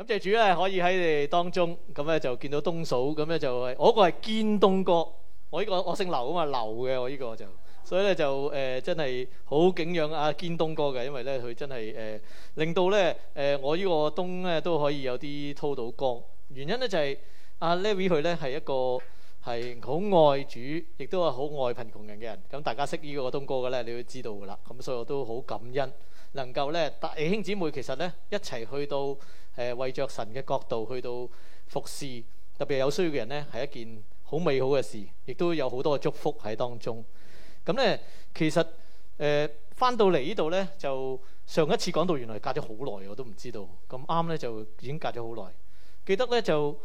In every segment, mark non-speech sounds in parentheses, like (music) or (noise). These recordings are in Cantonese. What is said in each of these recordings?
咁謝主咧，可以喺你哋當中咁咧就見到東嫂咁咧就係我個係堅東哥，我呢個我姓劉啊嘛，劉嘅我呢個就所以咧就誒真係好敬仰阿堅東哥嘅，因為咧佢真係誒令到咧誒我呢個東咧都可以有啲濤到光原因咧就係阿 Levi 佢咧係一個係好愛主，亦都係好愛貧窮人嘅人。咁大家識呢個東哥嘅咧，你要知道㗎啦。咁所以我都好感恩能夠咧大弟兄姊妹其實咧一齊去到。誒、呃、為着神嘅角度去到服侍，特別有需要嘅人呢，係一件好美好嘅事，亦都有好多嘅祝福喺當中。咁、嗯、呢，其實誒翻、呃、到嚟呢度呢，就上一次講到，原來隔咗好耐，我都唔知道。咁啱呢，就已經隔咗好耐。記得呢，就誒、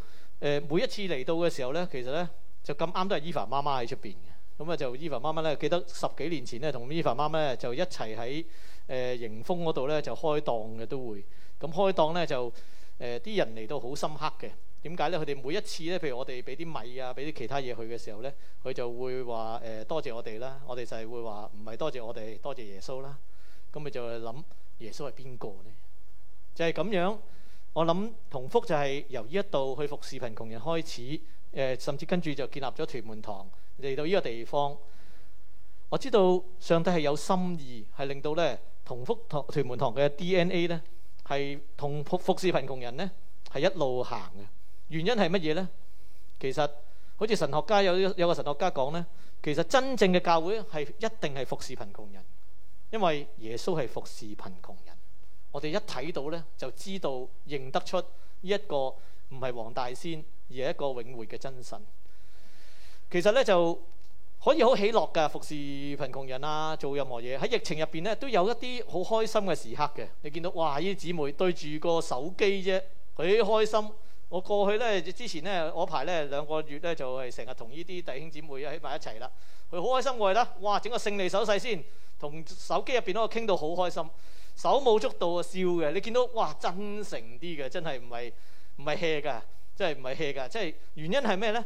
呃、每一次嚟到嘅時候呢，其實呢，就咁啱都係伊凡媽媽喺出邊嘅。咁、嗯、啊就伊凡媽媽呢，記得十幾年前呢，同伊凡媽媽呢，就一齊喺誒迎豐嗰度呢，就開檔嘅都會。咁開檔呢，就誒啲、呃、人嚟到好深刻嘅點解呢？佢哋每一次呢，譬如我哋俾啲米啊，俾啲其他嘢佢嘅時候呢，佢就會話誒、呃、多謝我哋啦。我哋就係會話唔係多謝我哋，多謝耶穌啦。咁、嗯、佢就係諗耶穌係邊個呢？就係、是、咁樣。我諗同福就係由呢一度去服侍貧窮人開始誒、呃，甚至跟住就建立咗屯門堂嚟到呢個地方。我知道上帝係有心意，係令到呢同福堂屯門堂嘅 D N A 呢。係同服服侍貧窮人呢，係一路行嘅。原因係乜嘢呢？其實好似神學家有有個神學家講呢，其實真正嘅教會係一定係服侍貧窮人，因為耶穌係服侍貧窮人。我哋一睇到呢，就知道認得出呢一個唔係黃大仙，而係一個永活嘅真神。其實呢，就。可以好喜樂㗎，服侍貧窮人啊，做任何嘢喺疫情入邊咧，都有一啲好開心嘅時刻嘅。你見到哇，呢啲姊妹對住個手機啫，佢開心。我過去咧，之前咧，嗰排咧兩個月咧，就係成日同呢啲弟兄姊妹啊喺埋一齊啦。佢好開心㗎啦，哇！整個勝利手勢先，同手機入邊嗰個傾到好開心，手舞足蹈啊，笑嘅。你見到哇，真誠啲嘅，真係唔係唔係 hea 㗎，真係唔係 hea 㗎，即係原因係咩咧？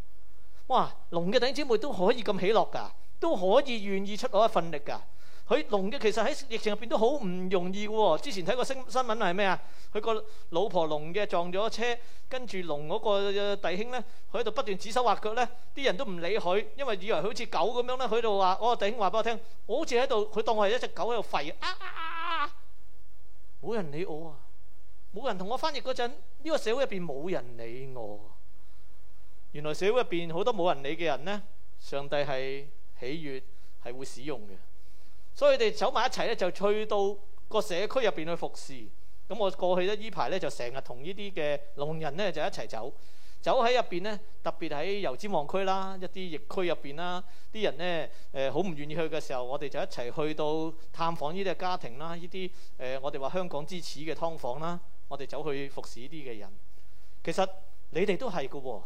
哇！龍嘅弟兄姊妹都可以咁喜樂噶，都可以願意出攞一份力噶。佢龍嘅其實喺疫情入邊都好唔容易喎、哦。之前睇個新新聞係咩啊？佢個老婆龍嘅撞咗車，跟住龍嗰個弟兄咧，佢喺度不斷指手畫腳咧，啲人都唔理佢，因為以為佢好似狗咁樣咧，佢度話，我個弟兄話俾我聽，我好似喺度，佢當我係一隻狗喺度吠啊！冇人理我啊！冇人同我翻譯嗰陣，呢、這個社會入邊冇人理我。原來社會入邊好多冇人理嘅人呢，上帝係喜悅係會使用嘅，所以你哋走埋一齊咧，就去到個社區入邊去服侍。咁我過去咧呢排咧就成日同呢啲嘅農人呢，就一齊走走喺入邊呢，特別喺油尖旺區啦、一啲疫區入邊啦，啲人呢，誒好唔願意去嘅時候，我哋就一齊去到探訪呢啲嘅家庭啦，呢啲誒我哋話香港之恥嘅劏房啦，我哋走去服侍呢啲嘅人。其實你哋都係噶喎。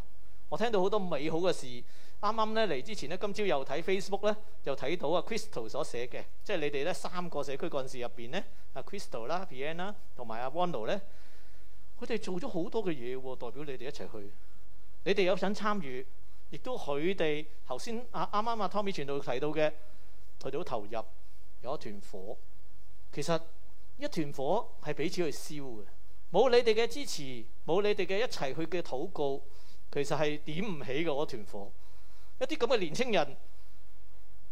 我聽到好多美好嘅事。啱啱咧嚟之前呢，今朝又睇 Facebook 咧，又睇到啊 Crystal 所寫嘅，即係你哋咧三個社區幹、啊 (cries) 啊啊啊、事入邊咧，啊 Crystal 啦、Pian 啦同埋啊 Wando 咧，佢哋做咗好多嘅嘢喎。代表你哋一齊去，你哋有想參與，亦都佢哋頭先啊啱啱阿、啊、Tommy 傳道提到嘅，佢哋好投入，有一團火。其實一團火係彼此去燒嘅，冇你哋嘅支持，冇你哋嘅一齊去嘅禱告。其實係點唔起嘅嗰團火，一啲咁嘅年青人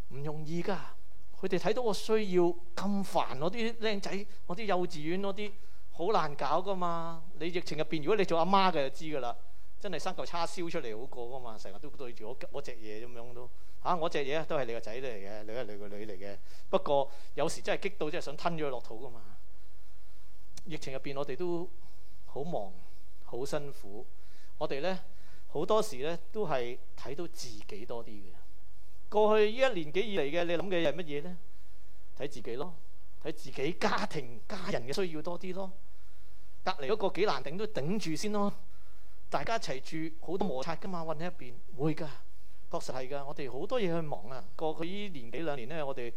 唔容易噶。佢哋睇到我需要咁煩，我啲靚仔，我啲幼稚園嗰啲好難搞噶嘛。你疫情入邊，如果你做阿媽嘅就知噶啦，真係生嚿叉燒出嚟好過噶嘛。成日都對住我我隻嘢咁樣都嚇、啊，我隻嘢都係你個仔嚟嘅，你係你個女嚟嘅。不過有時真係激到真係想吞咗佢落肚噶嘛。疫情入邊我哋都好忙，好辛苦。我哋咧。好多時咧都係睇到自己多啲嘅。過去呢一年幾以嚟嘅，你諗嘅係乜嘢咧？睇自己咯，睇自己家庭家人嘅需要多啲咯。隔離嗰個幾難頂都頂住先咯。大家一齊住好多摩擦噶嘛，混喺一邊會㗎的，確實係㗎。我哋好多嘢去忙啊。過去呢年幾兩年咧，我哋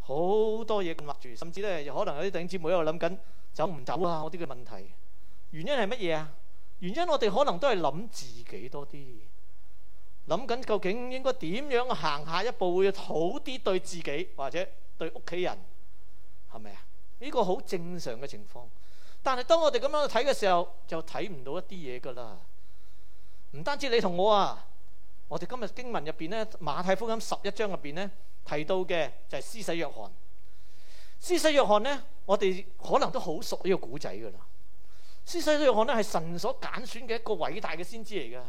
好多嘢咁壓住，甚至咧有可能有啲頂姊妹喺度諗緊走唔走啊，我啲嘅問題原因係乜嘢啊？原因我哋可能都係諗自己多啲，諗緊究竟應該點樣行下一步會好啲對自己或者對屋企人，係咪啊？呢個好正常嘅情況。但係當我哋咁樣去睇嘅時候，就睇唔到一啲嘢噶啦。唔單止你同我啊，我哋今日經文入邊咧，馬太福音十一章入邊咧提到嘅就係施洗約翰。施洗約翰咧，我哋可能都好熟呢個古仔噶啦。施洗約翰咧，係神所揀選嘅一個偉大嘅先知嚟噶，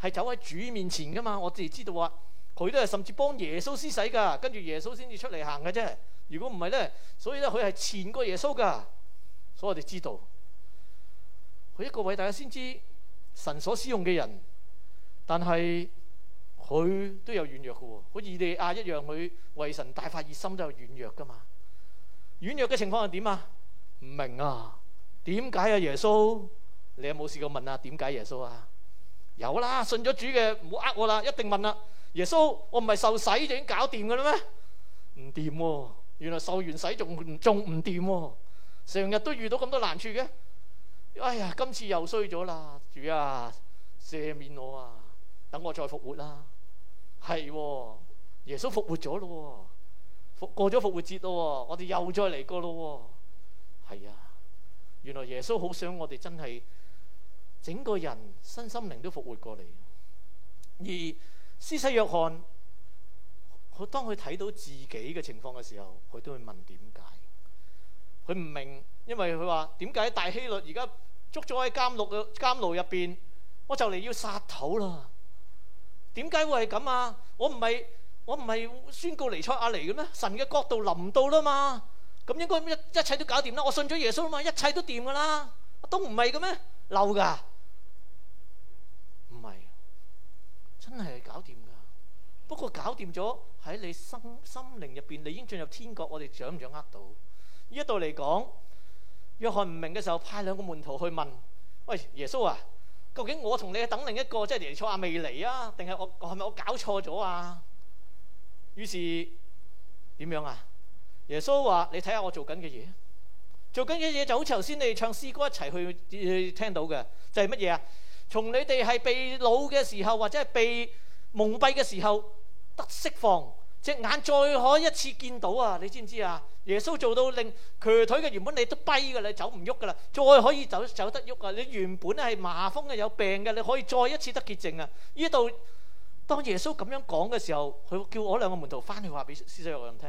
係走喺主面前噶嘛。我自己知道啊，佢都係甚至幫耶穌施洗噶，跟住耶穌先至出嚟行嘅啫。如果唔係咧，所以咧，佢係前過耶穌噶。所以我哋知道佢一個偉大嘅先知，神所使用嘅人。但係佢都有軟弱嘅、哦，好似以利亞一樣，佢為神大發熱心就軟弱噶嘛。軟弱嘅情況係點啊？唔明啊！點解啊？耶穌，你有冇試過問啊？點解耶穌啊？有啦，信咗主嘅唔好呃我啦，一定問啦。耶穌，我唔係受洗就已經搞掂㗎啦咩？唔掂喎，原來受完洗仲唔仲唔掂喎，成日都遇到咁多難處嘅。哎呀，今次又衰咗啦，主啊，赦免我啊，等我再復活啦。係喎，耶穌復活咗咯，過咗復活節咯，我哋又再嚟過咯。係啊。原來耶穌好想我哋真係整個人身心靈都復活過嚟，而施洗約翰，佢當佢睇到自己嘅情況嘅時候，佢都會問點解？佢唔明，因為佢話點解大希律而家捉咗喺監獄嘅監牢入邊，我就嚟要殺頭啦？點解會係咁啊？我唔係我唔係宣告彌賽亞尼嘅咩？神嘅國度臨到啦嘛？咁應該一一切都搞掂啦！我信咗耶穌嘛，一切都掂噶啦，都唔係嘅咩？漏噶，唔係，真係搞掂噶。不過搞掂咗喺你心心靈入邊，你已經進入天國。我哋掌唔掌握到？呢一度嚟講，約翰唔明嘅時候，派兩個門徒去問：「喂耶穌啊，究竟我同你等另一個，即係耶穌啊未嚟啊？定係我係咪我搞錯咗啊？於是點樣啊？耶穌話，你睇下我做緊嘅嘢，做緊嘅嘢就好似頭先你唱詩歌一齊去去聽到嘅，就係乜嘢啊？從你哋係被老嘅時候，或者係被蒙蔽嘅時候得釋放，隻眼再可一次見到啊！你知唔知啊？耶穌做到令瘸腿嘅，原本你都跛噶啦，你走唔喐噶啦，再可以走走得喐啊！你原本係麻風嘅有病嘅，你可以再一次得潔淨啊！呢度當耶穌咁樣講嘅時候，佢叫嗰兩個門徒翻去話俾施洗約翰聽。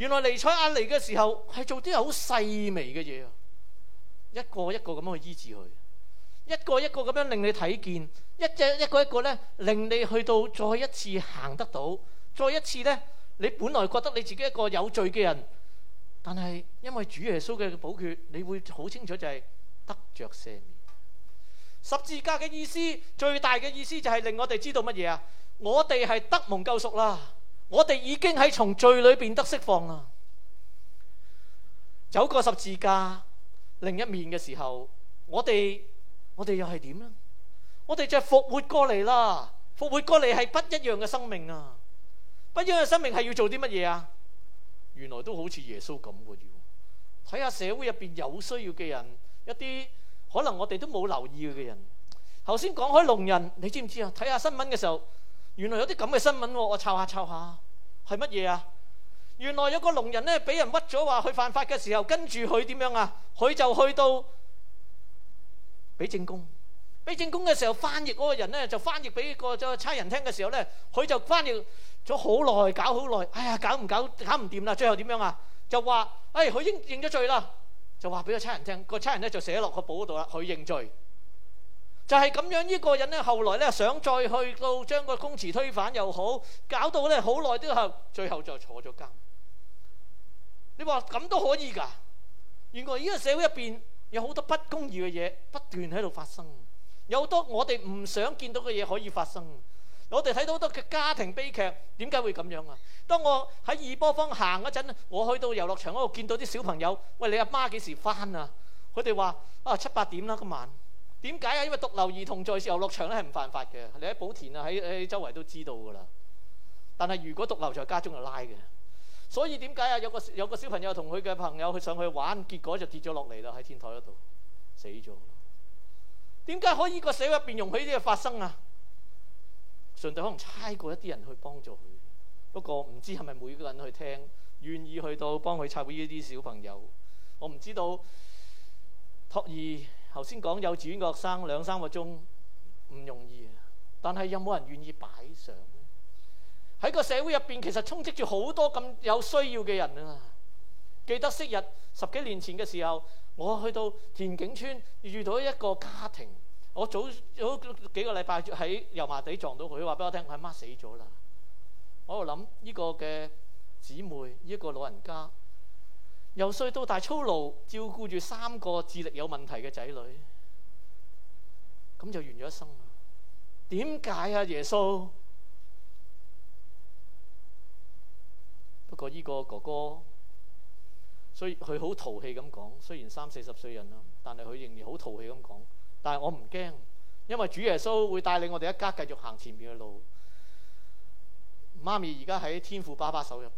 原來尼采阿尼嘅時候係做啲好細微嘅嘢啊，一個一個咁樣去醫治佢，一個一個咁樣令你睇見，一即一個一個咧令你去到再一次行得到，再一次咧你本來覺得你自己一個有罪嘅人，但係因為主耶穌嘅寶血，你會好清楚就係得着赦免。十字架嘅意思最大嘅意思就係令我哋知道乜嘢啊？我哋係得蒙救贖啦。我哋已經喺從罪裏邊得釋放啊！走過十字架另一面嘅時候，我哋我哋又係點呢？我哋就係復活過嚟啦！復活過嚟係不一樣嘅生命啊！不一樣嘅生命係要做啲乜嘢啊？原來都好似耶穌咁嘅要睇下社會入邊有需要嘅人，一啲可能我哋都冇留意嘅人。頭先講開聾人，你知唔知啊？睇下新聞嘅時候。原來有啲咁嘅新聞喎，我抄下抄下，係乜嘢啊？原來有個聾人咧，俾人屈咗話佢犯法嘅時候，跟住佢點樣啊？佢就去到俾證供，俾證供嘅時候，翻譯嗰個人咧就翻譯俾個差人聽嘅時候咧，佢就翻譯咗好耐，搞好耐，哎呀，搞唔搞搞唔掂啦！最後點樣啊？就話，誒，佢已經認咗罪啦，就話俾個差人聽，個差人咧就寫落個簿嗰度啦，佢認罪。就係咁樣，呢、這個人咧，後來咧想再去到將個公廁推翻又好，搞到咧好耐，都係最後就坐咗監。你話咁都可以噶？原來呢個社會入邊有好多不公義嘅嘢不斷喺度發生，有好多我哋唔想見到嘅嘢可以發生。我哋睇到好多嘅家庭悲劇，點解會咁樣啊？當我喺二波方行嗰陣，我去到遊樂場嗰度見到啲小朋友，喂，你阿媽幾時返啊？佢哋話啊，七八點啦，今晚。點解啊？因為獨留兒童在遊樂場咧係唔犯法嘅，你喺寶田啊，喺喺周圍都知道噶啦。但係如果獨留在家中就拉嘅。所以點解啊？有個有個小朋友同佢嘅朋友去上去玩，結果就跌咗落嚟啦，喺天台嗰度死咗。點解可以個社會入邊容許呢啲嘅發生啊？上帝可能猜過一啲人去幫助佢，不過唔知係咪每個人去聽願意去到幫佢拆過呢啲小朋友，我唔知道。托兒。頭先講幼稚園嘅學生兩三個鐘唔容易啊，但係有冇人願意擺上？喺個社會入邊，其實充斥住好多咁有需要嘅人啊！記得昔日十幾年前嘅時候，我去到田景村遇到一個家庭，我早早幾個禮拜喺油麻地撞到佢，話俾我聽：我阿媽死咗啦！我喺度諗呢個嘅姊妹，呢個老人家。由細到大操勞照顧住三個智力有問題嘅仔女，咁就完咗一生啦。點解啊，耶穌？不過呢個哥哥，所以佢好淘氣咁講。雖然三四十歲人啦，但係佢仍然好淘氣咁講。但係我唔驚，因為主耶穌會帶領我哋一家繼續行前面嘅路。媽咪而家喺天父爸爸手入邊。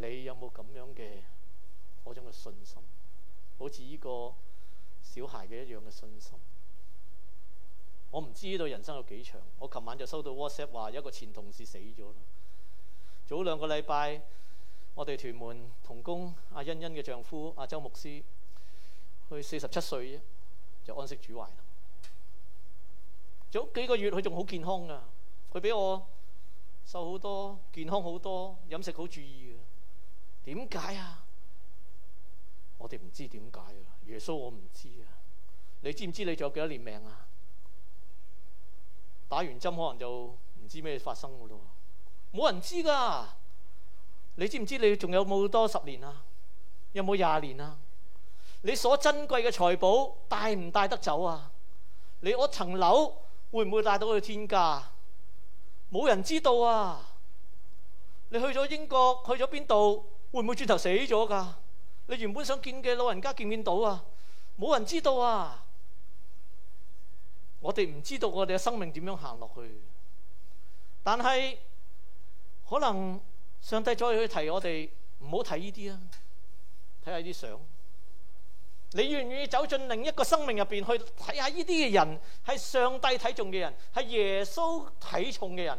你有冇咁樣嘅嗰種嘅信心，好似呢個小孩嘅一樣嘅信心？我唔知道人生有幾長。我琴晚就收到 WhatsApp 話，一個前同事死咗啦。早兩個禮拜，我哋屯門同工阿欣欣嘅丈夫阿周牧師，佢四十七歲啫，就安息主懷啦。早幾個月佢仲好健康㗎，佢比我瘦好多，健康好多，飲食好注意。點解啊？我哋唔知點解啊！耶穌，我唔知啊！你知唔知你仲有幾多年命啊？打完針可能就唔知咩發生噶咯，冇人知噶。你知唔知你仲有冇多十年啊？有冇廿年啊？你所珍貴嘅財寶帶唔帶得走啊？你嗰層樓會唔會帶到去天價？冇人知道啊！你去咗英國，去咗邊度？會唔會轉頭死咗㗎？你原本想見嘅老人家見唔見到啊？冇人知道啊！我哋唔知道我哋嘅生命點樣行落去。但係可能上帝再去提我哋，唔好睇呢啲啊！睇下啲相，你願唔願意走進另一個生命入邊去睇下呢啲嘅人，係上帝睇重嘅人，係耶穌睇重嘅人？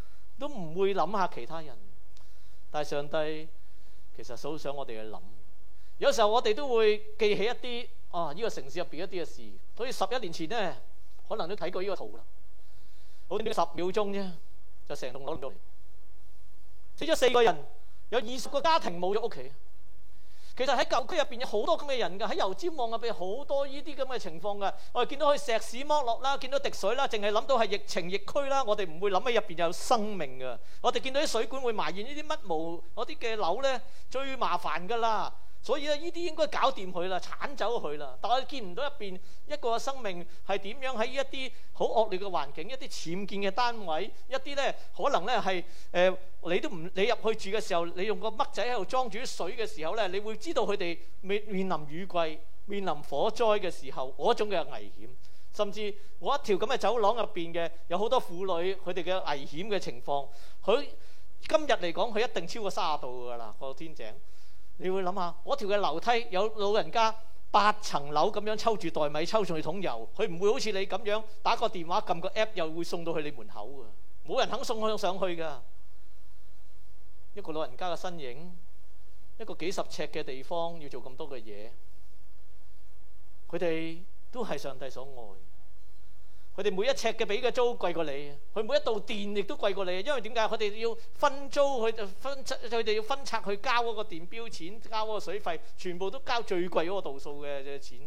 都唔會諗下其他人，但係上帝其實好想我哋去諗。有時候我哋都會記起一啲啊，呢個城市入邊一啲嘅事。所以十一年前呢，可能都睇過呢個圖啦。好似十秒鐘啫，就成棟樓落嚟，死咗四個人，有二十個家庭冇咗屋企。其實喺舊區入邊有好多咁嘅人㗎，喺油尖旺入邊好多呢啲咁嘅情況㗎。我哋見到佢石屎剝落啦，見到滴水啦，淨係諗到係疫情疫區啦。我哋唔會諗喺入邊有生命㗎。我哋見到啲水管會埋怨呢啲乜毛嗰啲嘅樓咧，最麻煩㗎啦。所以咧，呢啲應該搞掂佢啦，剷走佢啦。但係見唔到入邊一個生命係點樣喺一啲好惡劣嘅環境、一啲僭建嘅單位、一啲呢可能呢係誒、呃，你都唔你入去住嘅時候，你用個乜仔喺度裝住啲水嘅時候呢，你會知道佢哋面面臨雨季、面臨火災嘅時候嗰種嘅危險。甚至我一條咁嘅走廊入邊嘅有好多婦女，佢哋嘅危險嘅情況，佢今日嚟講，佢一定超過三十度㗎啦個天井。你會諗下，嗰條嘅樓梯有老人家八層樓咁樣抽住袋米抽上去桶油，佢唔會好似你咁樣打個電話撳個 app 又會送到去你門口㗎，冇人肯送佢上去㗎。一個老人家嘅身影，一個幾十尺嘅地方要做咁多嘅嘢，佢哋都係上帝所愛。佢哋每一尺嘅俾嘅租貴過你，佢每一度電亦都貴過你，因為點解？佢哋要分租，佢就分拆，佢哋要分拆去交嗰個電表錢，交嗰個水費，全部都交最貴嗰個度數嘅嘅錢。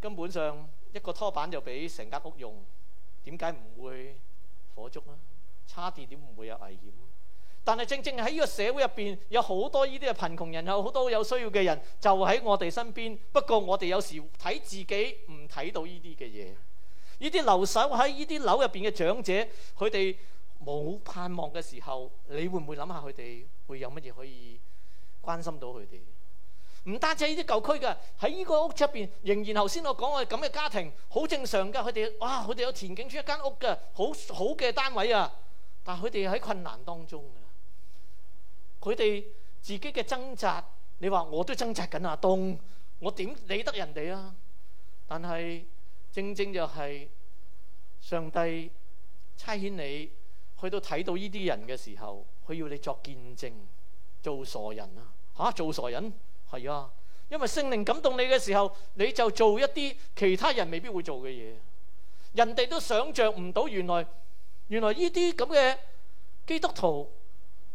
根本上一個拖板就俾成間屋用，點解唔會火燭啊？叉電點唔會有危險？但係，正正喺呢個社會入邊，有好多呢啲嘅貧窮人口，好多有需要嘅人，就喺我哋身邊。不過，我哋有時睇自己唔睇到呢啲嘅嘢。呢啲留守喺呢啲樓入邊嘅長者，佢哋冇盼望嘅時候，你會唔會諗下佢哋會有乜嘢可以關心到佢哋？唔單止係呢啲舊區嘅喺呢個屋出邊，仍然頭先我講嘅咁嘅家庭，好正常㗎。佢哋哇，佢哋有田景邨一間屋嘅好好嘅單位啊，但係佢哋喺困難當中。佢哋自己嘅掙扎，你話我都掙扎緊阿東，我點理得人哋啊？但係正正就係上帝差遣你去到睇到呢啲人嘅時候，佢要你作見證，做傻人啊！嚇、啊，做傻人係啊，因為聖靈感動你嘅時候，你就做一啲其他人未必會做嘅嘢。人哋都想像唔到原，原來原來呢啲咁嘅基督徒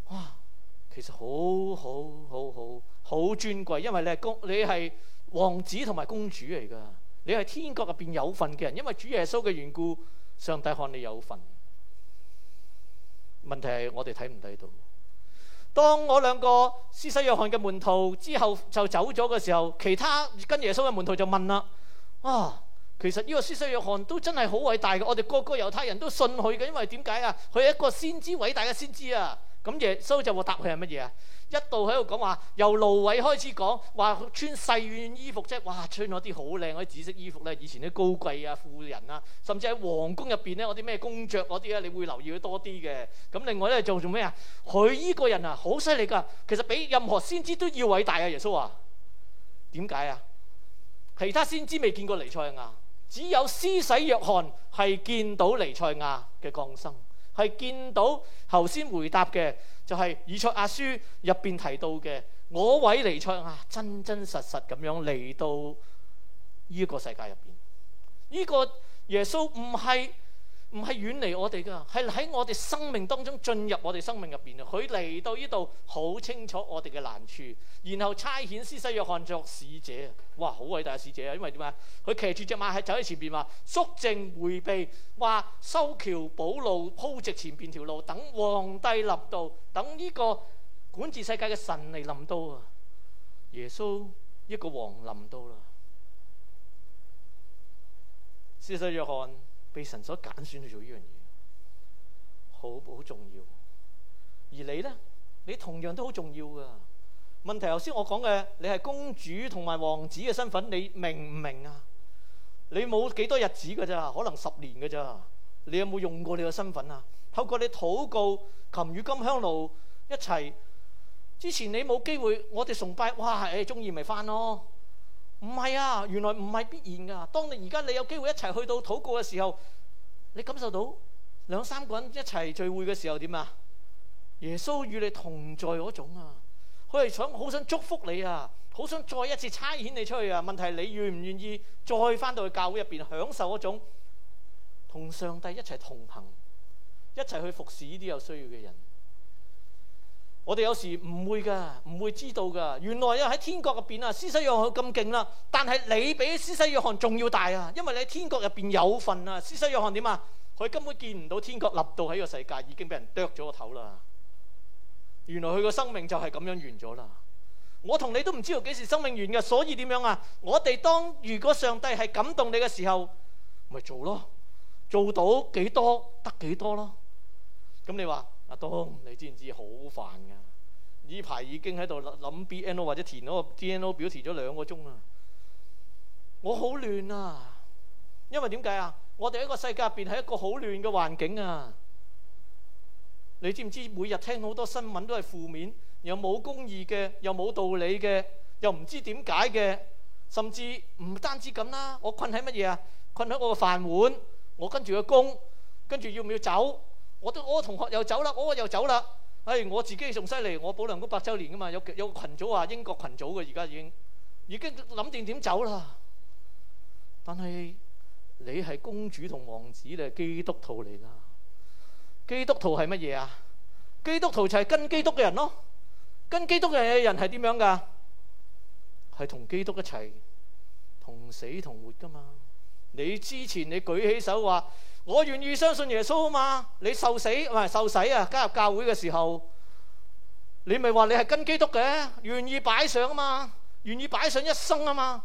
哇～其實好好好好尊貴，因為你係公，你係王子同埋公主嚟噶，你係天國入邊有份嘅人，因為主耶穌嘅緣故，上帝看你有份。問題係我哋睇唔睇到？當我兩個施洗約翰嘅門徒之後就走咗嘅時候，其他跟耶穌嘅門徒就問啦，啊，其實呢個施洗約翰都真係好偉大嘅，我哋個個猶太人都信佢嘅，因為點解啊？佢係一個先知偉大嘅先知啊！咁耶穌就會答佢係乜嘢啊？一度喺度講話，由蘆葦開始講話穿細軟衣服啫。哇，穿咗啲好靚嗰啲紫色衣服咧，以前啲高貴啊、富人啊，甚至喺皇宮入邊咧，嗰啲咩公爵嗰啲咧，你會留意得多啲嘅。咁另外咧做做咩啊？佢依個人啊好犀利㗎，其實比任何先知都要偉大啊！耶穌話點解啊？其他先知未見過尼賽亞，只有施洗約翰係見到尼賽亞嘅降生。係見到頭先回答嘅，就係、是、以賽亞書入邊提到嘅，我位尼賽亞，真真實實咁樣嚟到呢個世界入邊，呢、這個耶穌唔係。唔係遠離我哋噶，係喺我哋生命當中進入我哋生命入邊啊！佢嚟到呢度好清楚我哋嘅難處，然後差遣施洗約翰作使者啊！哇，好偉大嘅使者啊！因為點啊？佢騎住隻馬喺走喺前邊話，肅靜回避，話修橋補路，鋪直前邊條路，等皇帝臨到，等呢個管治世界嘅神嚟臨到啊！耶穌一個王臨到啦，施洗約翰。被神所揀選去做呢樣嘢，好好重要。而你呢？你同樣都好重要噶。問題頭先我講嘅，你係公主同埋王子嘅身份，你明唔明啊？你冇幾多日子噶咋？可能十年噶咋？你有冇用過你個身份啊？透過你禱告、琴與金香爐一齊，之前你冇機會，我哋崇拜，哇！中意咪翻咯～唔係啊，原來唔係必然噶。當你而家你有機會一齊去到禱告嘅時候，你感受到兩三個人一齊聚會嘅時候點啊？耶穌與你同在嗰種啊，佢係想好想祝福你啊，好想再一次差遣你出去啊。問題係你願唔願意再翻到去教會入邊享受嗰種同上帝一齊同行，一齊去服侍呢啲有需要嘅人。我哋有時唔會噶，唔會知道噶。原來喺天國入邊啊，施洗約翰咁勁啦，但係你比施洗約翰仲要大啊，因為你喺天國入邊有份啊。施洗約翰點啊？佢根本見唔到天國立到喺個世界，已經俾人剁咗個頭啦。原來佢個生命就係咁樣完咗啦。我同你都唔知道幾時生命完嘅，所以點樣啊？我哋當如果上帝係感動你嘅時候，咪做咯，做到幾多得幾多咯。咁你話？阿當，你知唔知好煩㗎？呢排已經喺度諗 BNO 或者填嗰個 BNO 表，填咗兩個鐘啦。我好亂啊！因為點解啊？我哋一個世界入邊係一個好亂嘅環境啊！你知唔知？每日聽到好多新聞都係負面，又冇公義嘅，又冇道理嘅，又唔知點解嘅，甚至唔單止咁啦。我困喺乜嘢啊？困喺我個飯碗，我跟住個工，跟住要唔要走？我都我同學又走啦，我又走啦。唉、哎，我自己仲犀利，我保良局百周年噶嘛，有有個群組，話英國群組嘅，而家已經已經諗定點走啦。但係你係公主同王子咧，基督徒嚟啦。基督徒係乜嘢啊？基督徒就係跟基督嘅人咯。跟基督嘅人係點樣㗎？係同基督一齊同死同活㗎嘛。你之前你舉起手話。我願意相信耶穌啊嘛！你受死唔係受洗啊，加入教會嘅時候，你咪話你係跟基督嘅，願意擺上啊嘛，願意擺上一生啊嘛。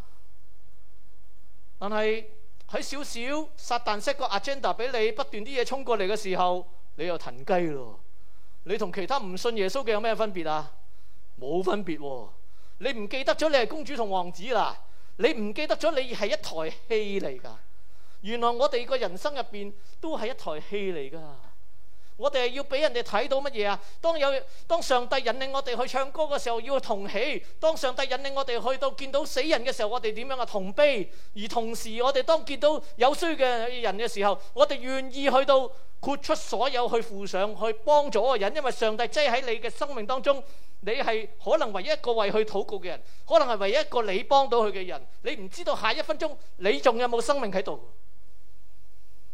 但係喺少少撒旦 set 個 agenda 俾你，不斷啲嘢衝過嚟嘅時候，你又騰雞咯。你同其他唔信耶穌嘅有咩分別啊？冇分別喎、啊。你唔記得咗你係公主同王子啦？你唔記得咗你係一台戲嚟㗎？原來我哋個人生入邊都係一台戲嚟㗎，我哋要俾人哋睇到乜嘢啊？當有當上帝引領我哋去唱歌嘅時候，要同喜；當上帝引領我哋去，去到見到死人嘅時候，我哋點樣啊？同悲。而同時，我哋當見到有需嘅人嘅時候，我哋願意去到豁出所有去附上去幫助嘅人。因為上帝擠喺你嘅生命當中，你係可能唯一一個為佢禱告嘅人，可能係唯一一個你幫到佢嘅人。你唔知道下一分鐘你仲有冇生命喺度。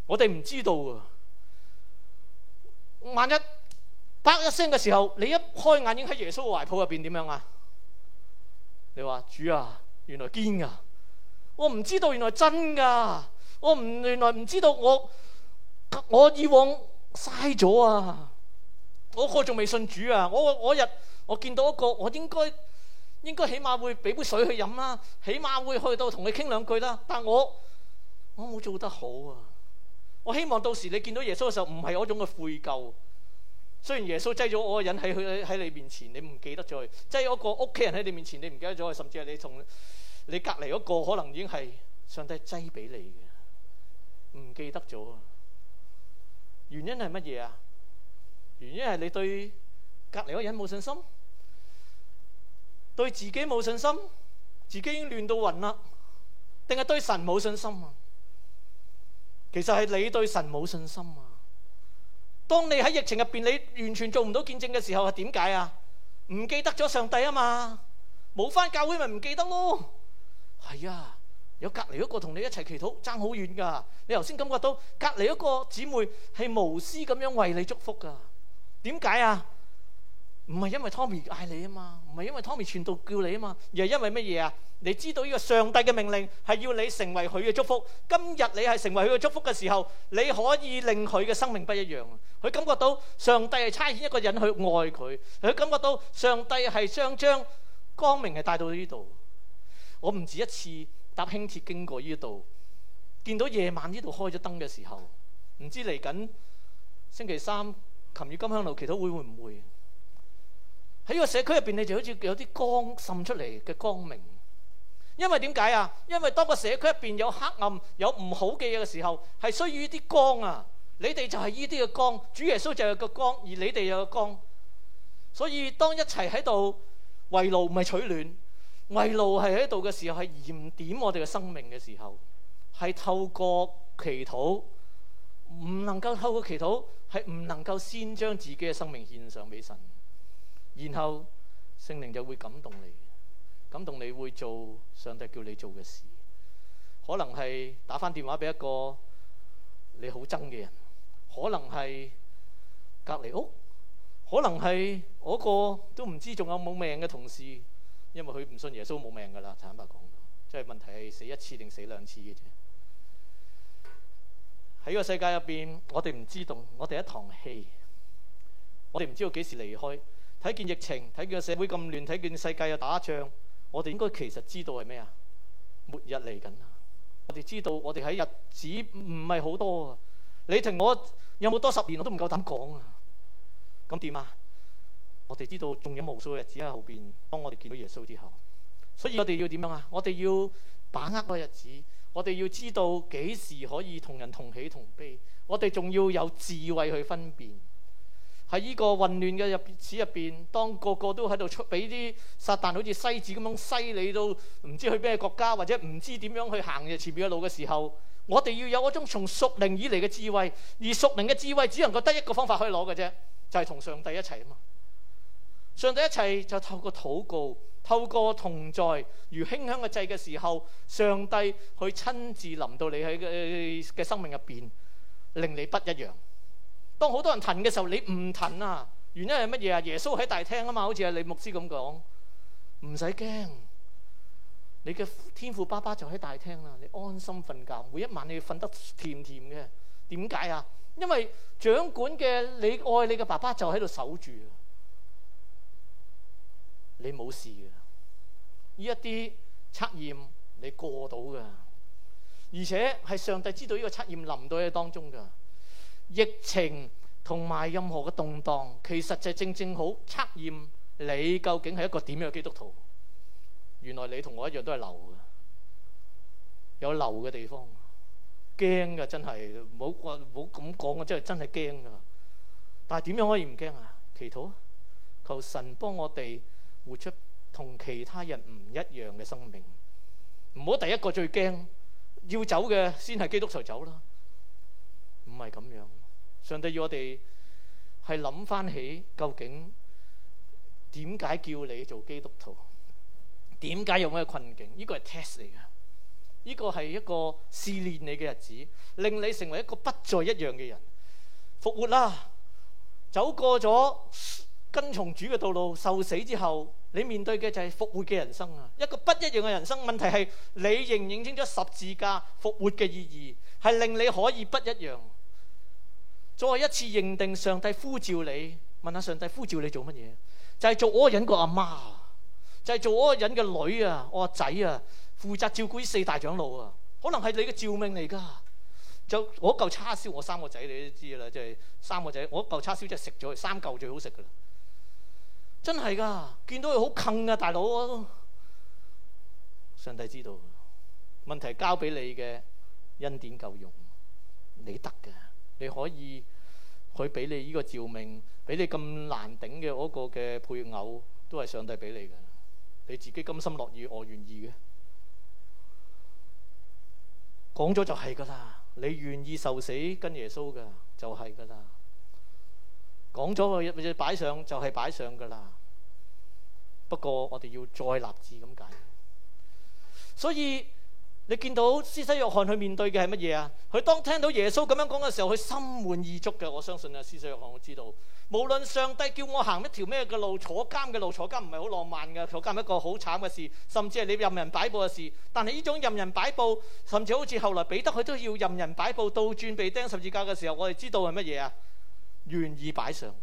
我哋唔知道啊，萬一啪一聲嘅時候，你一開眼已經喺耶穌嘅懷抱入邊，點樣啊？你話主啊，原來堅啊。我唔知道，原來真噶，我唔原來唔知道我我以往嘥咗啊！我個仲未信主啊！我我日我見到一個，我應該應該起碼會俾杯水去飲啦，起碼會去到同你傾兩句啦，但我我冇做得好啊！我希望到時你見到耶穌嘅時候，唔係嗰種嘅悔疚。雖然耶穌擠咗我個人喺佢喺你面前，你唔記得咗；佢；擠一個屋企人喺你面前，你唔記得咗；佢。甚至係你同你隔籬嗰個，可能已經係上帝擠俾你嘅，唔記得咗。原因係乜嘢啊？原因係你對隔籬嗰個人冇信心，對自己冇信心，自己已經亂到暈啦，定係對神冇信心啊？其實係你對神冇信心啊！當你喺疫情入邊，你完全做唔到見證嘅時候，係點解啊？唔記得咗上帝啊嘛，冇返教會咪唔記得咯。係啊，有隔籬一個同你一齊祈禱，爭好遠噶。你頭先感覺到隔籬一個姊妹係無私咁樣為你祝福噶，點解啊？唔係因為 Tommy 嗌你啊嘛，唔係因為 Tommy 全道叫你啊嘛，而係因為乜嘢啊？你知道呢個上帝嘅命令係要你成為佢嘅祝福。今日你係成為佢嘅祝福嘅時候，你可以令佢嘅生命不一樣。佢感覺到上帝係差遣一個人去愛佢，佢感覺到上帝係將將光明係帶到呢度。我唔止一次搭輕鐵經過呢度，見到夜晚呢度開咗燈嘅時候，唔知嚟緊星期三琴月金香路祈禱會會唔會？喺個社區入邊，你就好似有啲光滲出嚟嘅光明。因為點解啊？因為當個社區入邊有黑暗、有唔好嘅嘢嘅時候，係需要啲光啊！你哋就係呢啲嘅光，主耶穌就有個光，而你哋有個光。所以當一齊喺度圍爐唔係取暖，圍爐係喺度嘅時候，係燃點我哋嘅生命嘅時候，係透過祈禱。唔能夠透過祈禱，係唔能夠先將自己嘅生命獻上俾神。然後聖靈就會感動你，感動你會做上帝叫你做嘅事。可能係打返電話俾一個你好憎嘅人，可能係隔離屋，可能係嗰個都唔知仲有冇命嘅同事，因為佢唔信耶穌冇命㗎喇，坦白講，即係問題係死一次定死兩次嘅啫。喺個世界入邊，我哋唔知道，我哋一堂戲，我哋唔知道幾時離開。睇見疫情，睇見個社會咁亂，睇見世界又打仗，我哋應該其實知道係咩啊？末日嚟緊啊！我哋知道我哋喺日子唔係好多啊！你同我有冇多十年我都唔夠膽講啊！咁點啊？我哋知道仲有無數嘅日子喺後邊，當我哋見到耶穌之後，所以我哋要點樣啊？我哋要把握個日子，我哋要知道幾時可以同人同喜同悲，我哋仲要有智慧去分辨。喺呢個混亂嘅日子入邊，當個個都喺度出俾啲撒旦好似西子咁樣犀利到唔知去咩嘅國家，或者唔知點樣去行前面嘅路嘅時候，我哋要有嗰種從屬靈以嚟嘅智慧，而屬靈嘅智慧只能夠得一個方法可以攞嘅啫，就係、是、同上帝一齊啊！上帝一齊就透過禱告、透過同在、如馨香嘅祭嘅時候，上帝去親自臨到你喺嘅嘅生命入邊，令你不一樣。當好多人騰嘅時候，你唔騰啊？原因係乜嘢啊？耶穌喺大廳啊嘛，好似係李牧師咁講，唔使驚。你嘅天父爸爸就喺大廳啦，你安心瞓覺，每一晚你要瞓得甜甜嘅。點解啊？因為掌管嘅你愛你嘅爸爸就喺度守住，你冇事嘅。呢一啲測驗你過到噶，而且係上帝知道呢個測驗臨到喺當中噶。疫情同埋任何嘅動蕩，其實就正正好測驗你究竟係一個點樣嘅基督徒。原來你同我一樣都係流㗎，有流嘅地方，驚㗎，真係唔好唔好咁講，真係真係驚噶。但係點樣可以唔驚啊？祈禱啊，求神幫我哋活出同其他人唔一樣嘅生命。唔好第一個最驚，要走嘅先係基督徒走啦。唔係咁樣。上帝要我哋係諗翻起，究竟點解叫你做基督徒？點解有咩困境？呢個係 test 嚟嘅，呢個係一個試煉你嘅日子，令你成為一個不再一樣嘅人。復活啦，走過咗跟從主嘅道路，受死之後，你面對嘅就係復活嘅人生啊！一個不一樣嘅人生。問題係你認唔認清咗，十字架復活嘅意義，係令你可以不一樣。再一次認定上帝呼召你，問下上帝呼召你做乜嘢？就係、是、做嗰個人嘅阿媽，就係、是、做嗰個人嘅女啊，我個仔啊，負責照顧呢四大長老啊，可能係你嘅召命嚟噶。就我嚿叉燒，我三個仔你都知啦，即、就、係、是、三個仔，我嚿叉燒即係食咗，三嚿最好食噶啦，真係噶，見到佢好啃啊，大佬。啊！上帝知道，問題交俾你嘅恩典夠用，你得噶，你可以。佢俾你呢個召命，俾你咁難頂嘅嗰個嘅配偶，都係上帝俾你嘅。你自己甘心樂意，我願意嘅。講咗就係噶啦，你願意受死跟耶穌嘅，就係噶啦。講咗佢擺上，就係擺上噶啦。不過我哋要再立志咁解，所以。你見到施洗約翰佢面對嘅係乜嘢啊？佢當聽到耶穌咁樣講嘅時候，佢心滿意足嘅。我相信啊，施洗約翰我知道，無論上帝叫我行一條咩嘅路，坐監嘅路，坐監唔係好浪漫嘅，坐監係一個好慘嘅事，甚至係你任人擺布嘅事。但係呢種任人擺布，甚至好似後來彼得佢都要任人擺布，倒轉被釘十字架嘅時候，我哋知道係乜嘢啊？願意擺上。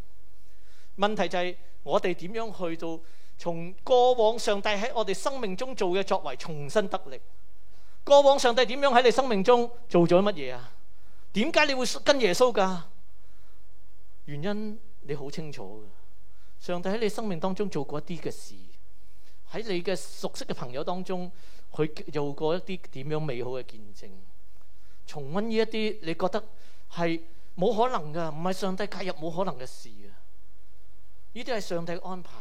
問題就係，我哋點樣去到從過往上帝喺我哋生命中做嘅作為重新得力。過往上帝點樣喺你生命中做咗乜嘢啊？點解你會跟耶穌㗎？原因你好清楚㗎。上帝喺你生命當中做過一啲嘅事，喺你嘅熟悉嘅朋友當中，佢做過一啲點樣美好嘅見證。重溫呢一啲，你覺得係冇可能㗎，唔係上帝介入冇可能嘅事啊？呢啲係上帝安排。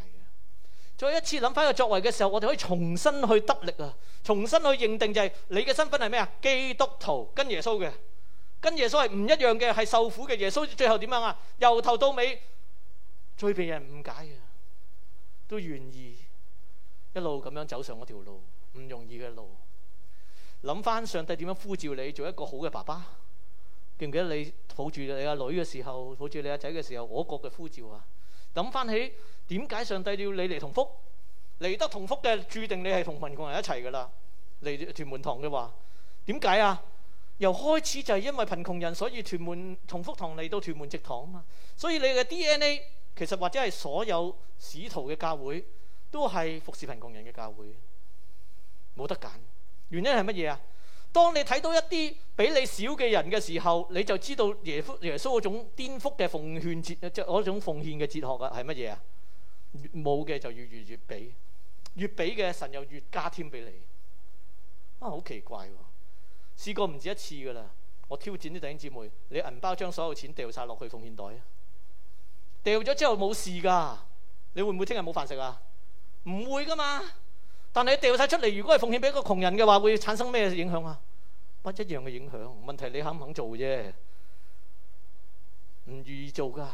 再一次諗翻個作為嘅時候，我哋可以重新去得力啊，重新去認定就係、是，你嘅身份係咩啊？基督徒跟耶穌嘅，跟耶穌係唔一樣嘅，係受苦嘅耶穌。最後點樣啊？由頭到尾，最被人誤解啊，都願意一路咁樣走上嗰條路，唔容易嘅路。諗翻上帝點樣呼召你做一個好嘅爸爸？記唔記得你抱住你阿女嘅時候，抱住你阿仔嘅時候，我國嘅呼召啊？諗翻起，點解上帝要你嚟同福？嚟得同福嘅，註定你係同貧窮人一齊㗎喇。嚟屯門堂嘅話，點解啊？由開始就係因為貧窮人，所以屯門同福堂嚟到屯門植堂啊嘛。所以你嘅 DNA 其實或者係所有使徒嘅教會，都係服侍貧窮人嘅教會，冇得揀。原因係乜嘢啊？當你睇到一啲比你少嘅人嘅時候，你就知道耶夫耶穌嗰種顛覆嘅奉獻哲，即種奉獻嘅哲學啊，係乜嘢啊？冇嘅就要越越俾越俾嘅神又越加添俾你啊，好奇怪啊！試過唔止一次噶啦我挑戰啲弟兄姊妹，你銀包將所有錢掉晒落去奉獻袋啊！掉咗之後冇事噶你會唔會聽日冇飯食啊？唔會噶嘛但係你掉晒出嚟，如果係奉獻俾一個窮人嘅話，會產生咩影響啊？不一樣嘅影響。問題你肯唔肯做啫？唔易做噶。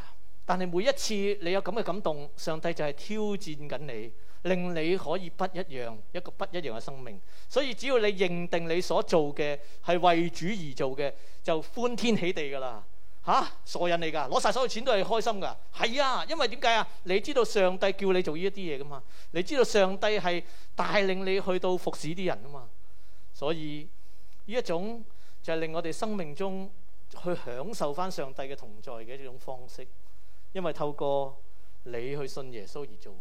但係每一次你有咁嘅感動，上帝就係挑戰緊你，令你可以不一樣，一個不一樣嘅生命。所以只要你認定你所做嘅係為主而做嘅，就歡天喜地噶啦。吓、啊，傻人嚟噶，攞晒所有錢都係開心噶。係啊，因為點解啊？你知道上帝叫你做呢一啲嘢噶嘛？你知道上帝係帶領你去到服侍啲人噶嘛？所以呢一種就係令我哋生命中去享受翻上帝嘅同在嘅一種方式。因為透過你去信耶穌而做，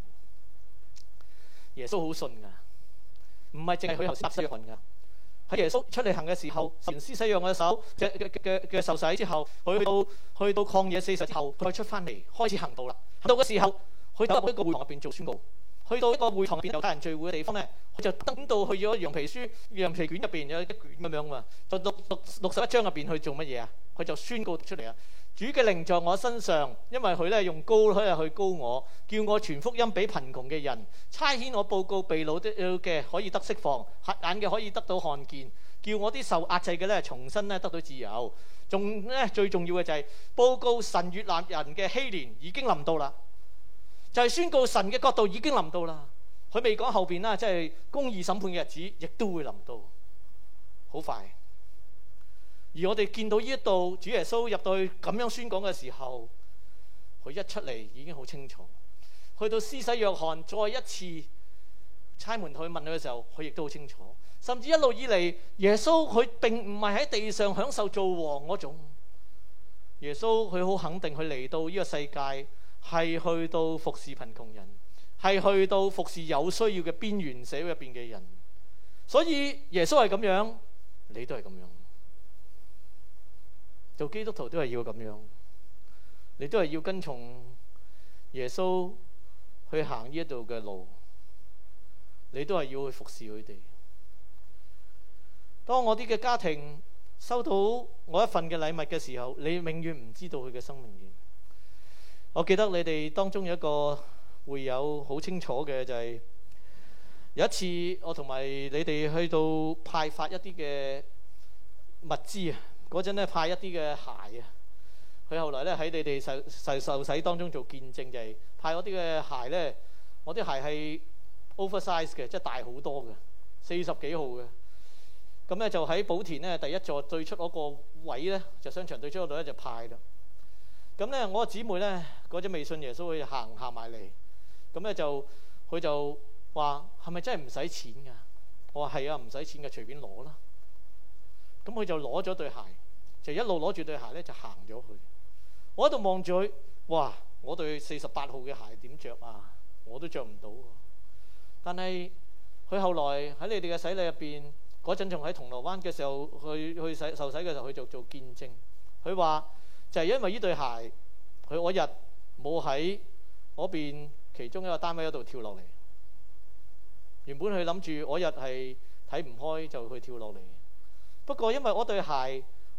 耶穌好信噶，唔係淨係佢頭先失魂噶。喺耶穌出嚟行嘅時候，神師使用嘅手嘅嘅嘅嘅受洗之後，佢去到去到曠野四十之後，佢出翻嚟開始行道啦。行道嘅時候，佢走入一個會堂入邊做宣告。去到一個會堂入邊猶太人聚會嘅地方咧，佢就揾到去咗羊皮書、羊皮卷入邊有一卷咁樣啊。就六六六十一章入邊去做乜嘢啊？佢就宣告出嚟啊！主嘅靈在我身上，因為佢咧用膏去去膏我，叫我傳福音俾貧窮嘅人，差遣我報告被擄的嘅可以得釋放，瞎眼嘅可以得到看見，叫我啲受壓制嘅咧重新咧得到自由。仲咧最重要嘅就係、是、報告神悅納人嘅禧年已經臨到啦，就係、是、宣告神嘅國度已經臨到啦。佢未講後邊啦，即、就、係、是、公義審判嘅日子亦都會臨到，好快。而我哋見到呢一度主耶穌入到去咁樣宣講嘅時候，佢一出嚟已經好清楚。去到施洗約翰再一次差門徒去問佢嘅時候，佢亦都好清楚。甚至一路以嚟，耶穌佢並唔係喺地上享受做王嗰種。耶穌佢好肯定，佢嚟到呢個世界係去到服侍貧窮人，係去到服侍有需要嘅邊緣社會入邊嘅人。所以耶穌係咁樣，你都係咁樣。做基督徒都係要咁樣，你都係要跟從耶穌去行呢一度嘅路，你都係要去服侍佢哋。當我啲嘅家庭收到我一份嘅禮物嘅時候，你永遠唔知道佢嘅生命點。我記得你哋當中有一個會友好清楚嘅就係，有一次我同埋你哋去到派發一啲嘅物資啊。嗰陣咧派一啲嘅鞋啊，佢後來咧喺你哋受受受洗當中做見證就係、是、派嗰啲嘅鞋咧，我啲鞋係 oversize 嘅，即係大好多嘅，四十幾號嘅。咁咧就喺寶田咧第一座最出嗰個位咧，就商場最出嗰度咧就派啦。咁咧我個姊妹咧嗰隻未信耶穌，會行行埋嚟，咁咧就佢就話，係咪真係唔使錢㗎？我話係啊，唔使錢嘅，隨便攞啦。咁佢就攞咗對鞋。就一路攞住對鞋咧，就行咗去。我喺度望住佢，哇！我對四十八號嘅鞋點着啊？我都着唔到。但係佢後來喺你哋嘅洗禮入邊，嗰陣仲喺銅鑼灣嘅時候，去去洗受洗嘅時候，佢就做，做見證。佢話就係因為呢對鞋，佢嗰日冇喺嗰邊其中一個單位嗰度跳落嚟。原本佢諗住嗰日係睇唔開就去跳落嚟，不過因為我對鞋。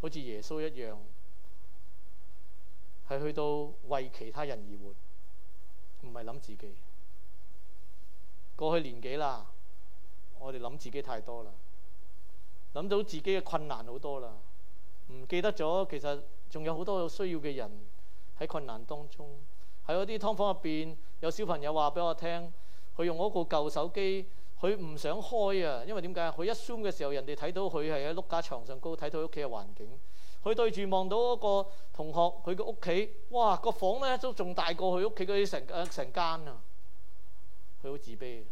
好似耶穌一樣，係去到為其他人而活，唔係諗自己。過去年紀啦，我哋諗自己太多啦，諗到自己嘅困難好多啦，唔記得咗其實仲有好多有需要嘅人喺困難當中，喺嗰啲劏房入邊有小朋友話俾我聽，佢用嗰個舊手機。佢唔想開啊，因為點解啊？佢一 zoom 嘅時候，人哋睇到佢係喺碌架床上高，睇到佢屋企嘅環境。佢對住望到嗰個同學，佢嘅屋企，哇個房咧都仲大過佢屋企嗰啲成誒成間啊！佢好自卑嘅。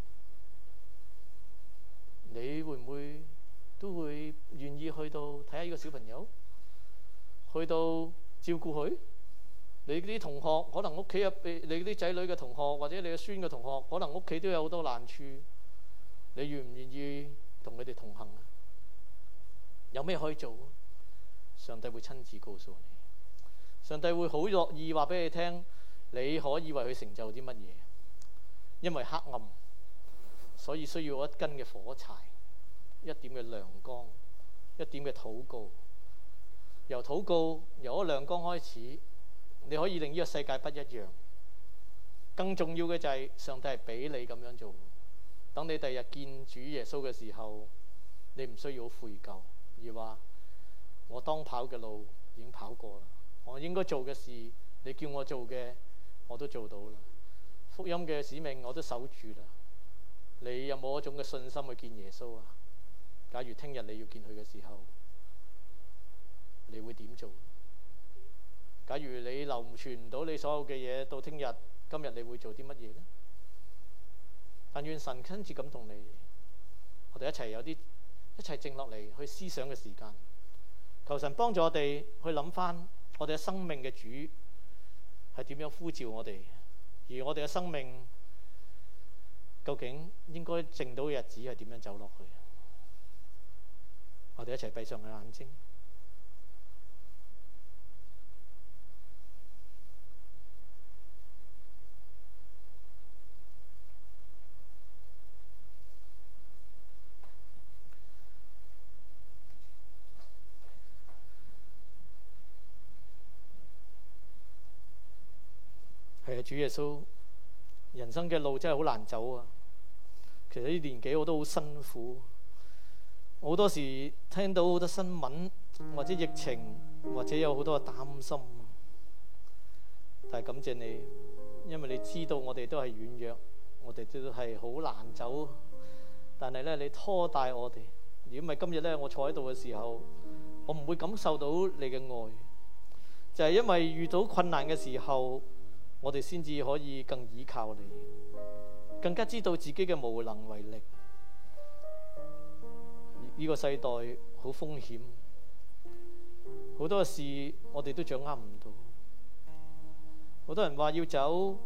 你會唔會都會願意去到睇下呢個小朋友，去到照顧佢？你啲同學可能屋企入邊，你啲仔女嘅同學或者你嘅孫嘅同學，可能屋企都有好多難處。你願唔願意同佢哋同行啊？有咩可以做？上帝會親自告訴你，上帝會好樂意話俾你聽，你可以為佢成就啲乜嘢？因為黑暗，所以需要一根嘅火柴，一點嘅亮光，一點嘅禱告。由禱告，由一亮光開始，你可以令呢個世界不一樣。更重要嘅就係上帝係俾你咁樣做。等你第日見主耶穌嘅時候，你唔需要好悔疚，而話我當跑嘅路已經跑過啦，我應該做嘅事，你叫我做嘅我都做到啦，福音嘅使命我都守住啦。你有冇一種嘅信心去見耶穌啊？假如聽日你要見佢嘅時候，你會點做？假如你流傳唔到你所有嘅嘢到聽日，今日你會做啲乜嘢呢？但願神親自咁同你，我哋一齊有啲一齊靜落嚟，去思想嘅時間，求神幫助我哋去諗翻我哋嘅生命嘅主係點樣呼召我哋，而我哋嘅生命究竟應該靜到嘅日子係點樣走落去？我哋一齊閉上嘅眼睛。主耶穌，人生嘅路真係好難走啊！其實呢年紀我都好辛苦，好多時聽到好多新聞或者疫情，或者有好多嘅擔心。但係感謝你，因為你知道我哋都係軟弱，我哋都係好難走。但係咧，你拖帶我哋。如果唔係今日咧，我坐喺度嘅時候，我唔會感受到你嘅愛。就係因為遇到困難嘅時候。我哋先至可以更依靠你，更加知道自己嘅無能為力。呢個世代好風險，好多事我哋都掌握唔到。好多人話要走，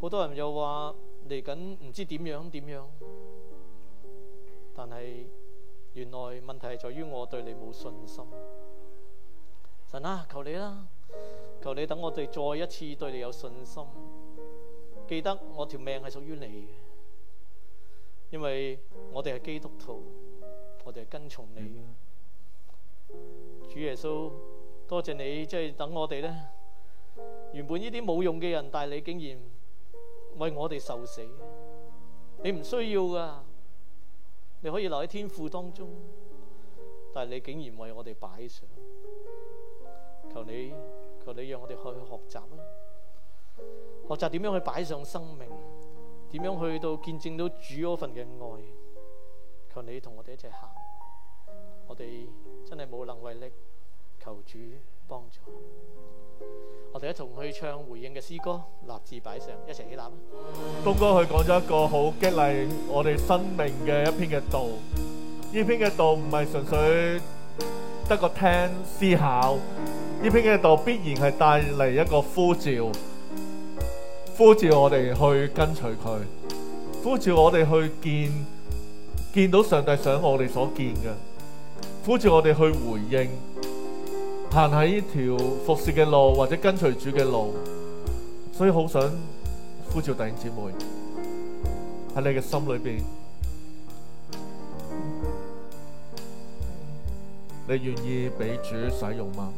好多人又話嚟緊唔知點樣點樣。但係原來問題係在於我對你冇信心。神啊，求你啦！求你等我哋再一次對你有信心，記得我條命係屬於你嘅，因為我哋係基督徒，我哋係跟從你。主耶穌，多謝你，即係等我哋咧。原本呢啲冇用嘅人，但係你竟然為我哋受死，你唔需要噶，你可以留喺天父當中，但係你竟然為我哋擺上，求你。求你讓我哋去學習啦，學習點樣去擺上生命，點樣去到見證到主嗰份嘅愛。求你同我哋一齊行，我哋真係冇能為力，求主幫助。我哋一同去唱回應嘅詩歌，立志擺上，一齊起，起立啦。東哥佢講咗一個好激勵我哋生命嘅一篇嘅道，呢篇嘅道唔係純粹得個聽思考。呢篇嘅道必然係帶嚟一個呼召，呼召我哋去跟隨佢，呼召我哋去見見到上帝想我哋所見嘅，呼召我哋去回應，行喺呢條服侍嘅路或者跟隨主嘅路，所以好想呼召弟兄姊妹喺你嘅心裏邊，你願意俾主使用嗎？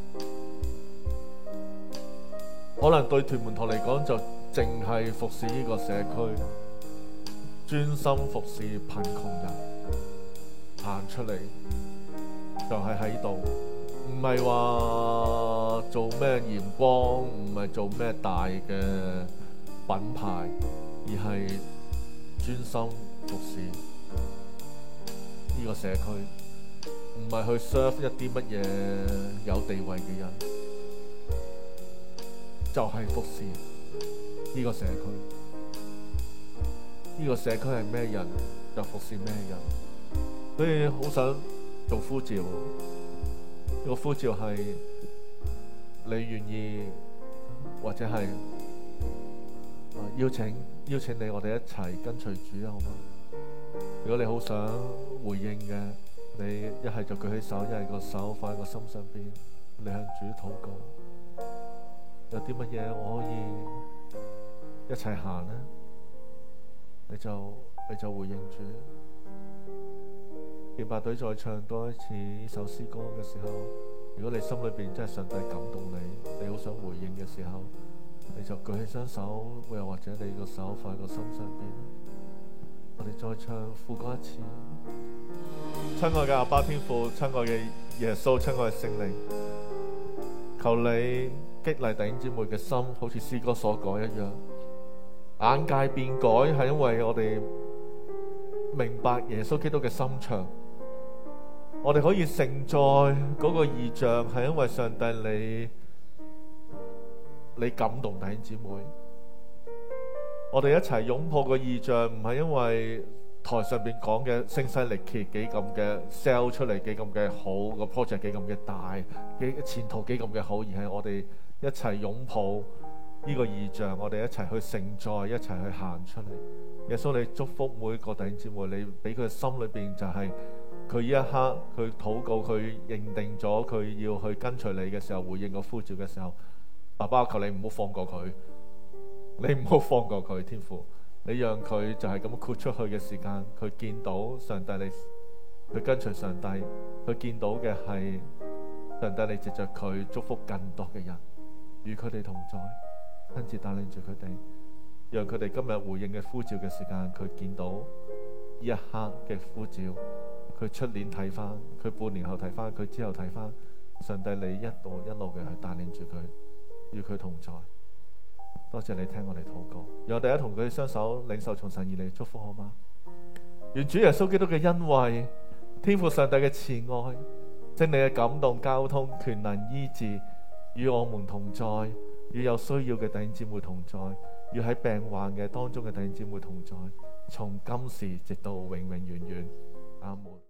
可能對屯門堂嚟講就淨係服侍呢個社區，專心服侍貧窮人，行出嚟就係喺度，唔係話做咩鹽光，唔係做咩大嘅品牌，而係專心服侍呢個社區，唔係去 serve 一啲乜嘢有地位嘅人。就係服侍呢個社區，呢、呢個社區係咩人就服侍咩人，所以好想做呼召。呢個呼召係你願意或者係邀請邀請你我，我哋一齊跟隨主好嗎？如果你好想回應嘅，你一係就舉起手，一係個手放喺個心上邊，你向主禱告。有啲乜嘢我可以一齊行呢？你就你就回應住。敬拜隊再唱多一次呢首詩歌嘅時候，如果你心裏邊真係上帝感動你，你好想回應嘅時候，你就舉起雙手，又或者你個手放喺個心上邊。我哋再唱副歌一次。親愛嘅阿巴天父，親愛嘅耶穌，親愛嘅聖靈，求你。激勵弟兄姊妹嘅心，好似詩哥所講一樣，眼界變改係因為我哋明白耶穌基督嘅心腸，我哋可以承載嗰個異象，係因為上帝你你感動弟兄姊妹，我哋一齊擁抱個異象，唔係因為台上邊講嘅聲勢力竭幾咁嘅 sell 出嚟幾咁嘅好個 project 幾咁嘅大幾前途幾咁嘅好，而係我哋。一齊擁抱呢個異象，我哋一齊去承載，一齊去行出嚟。耶穌，你祝福每個弟兄姊妹，你俾佢心裏邊就係佢呢一刻，佢禱告，佢認定咗佢要去跟隨你嘅時候，回應個呼召嘅時候。爸爸，我求你唔好放過佢，你唔好放過佢，天父，你讓佢就係咁豁出去嘅時間，佢見到上帝你，你佢跟隨上帝，佢見到嘅係上帝，你藉著佢祝福更多嘅人。與佢哋同在，親自帶領住佢哋，讓佢哋今日回應嘅呼召嘅時間，佢見到一刻嘅呼召，佢出年睇翻，佢半年後睇翻，佢之後睇翻，上帝你一度一路嘅去帶領住佢，與佢同在。多謝你聽我哋禱告，我第一同佢雙手領受從神而嚟祝福好嗎？願主耶穌基督嘅恩惠、天父上帝嘅慈愛、聖靈嘅感動、交通、權能、醫治，與我們同在，與有需要嘅弟兄姊妹同在，與喺病患嘅當中嘅弟兄姊妹同在，從今時直到永永遠遠，阿門。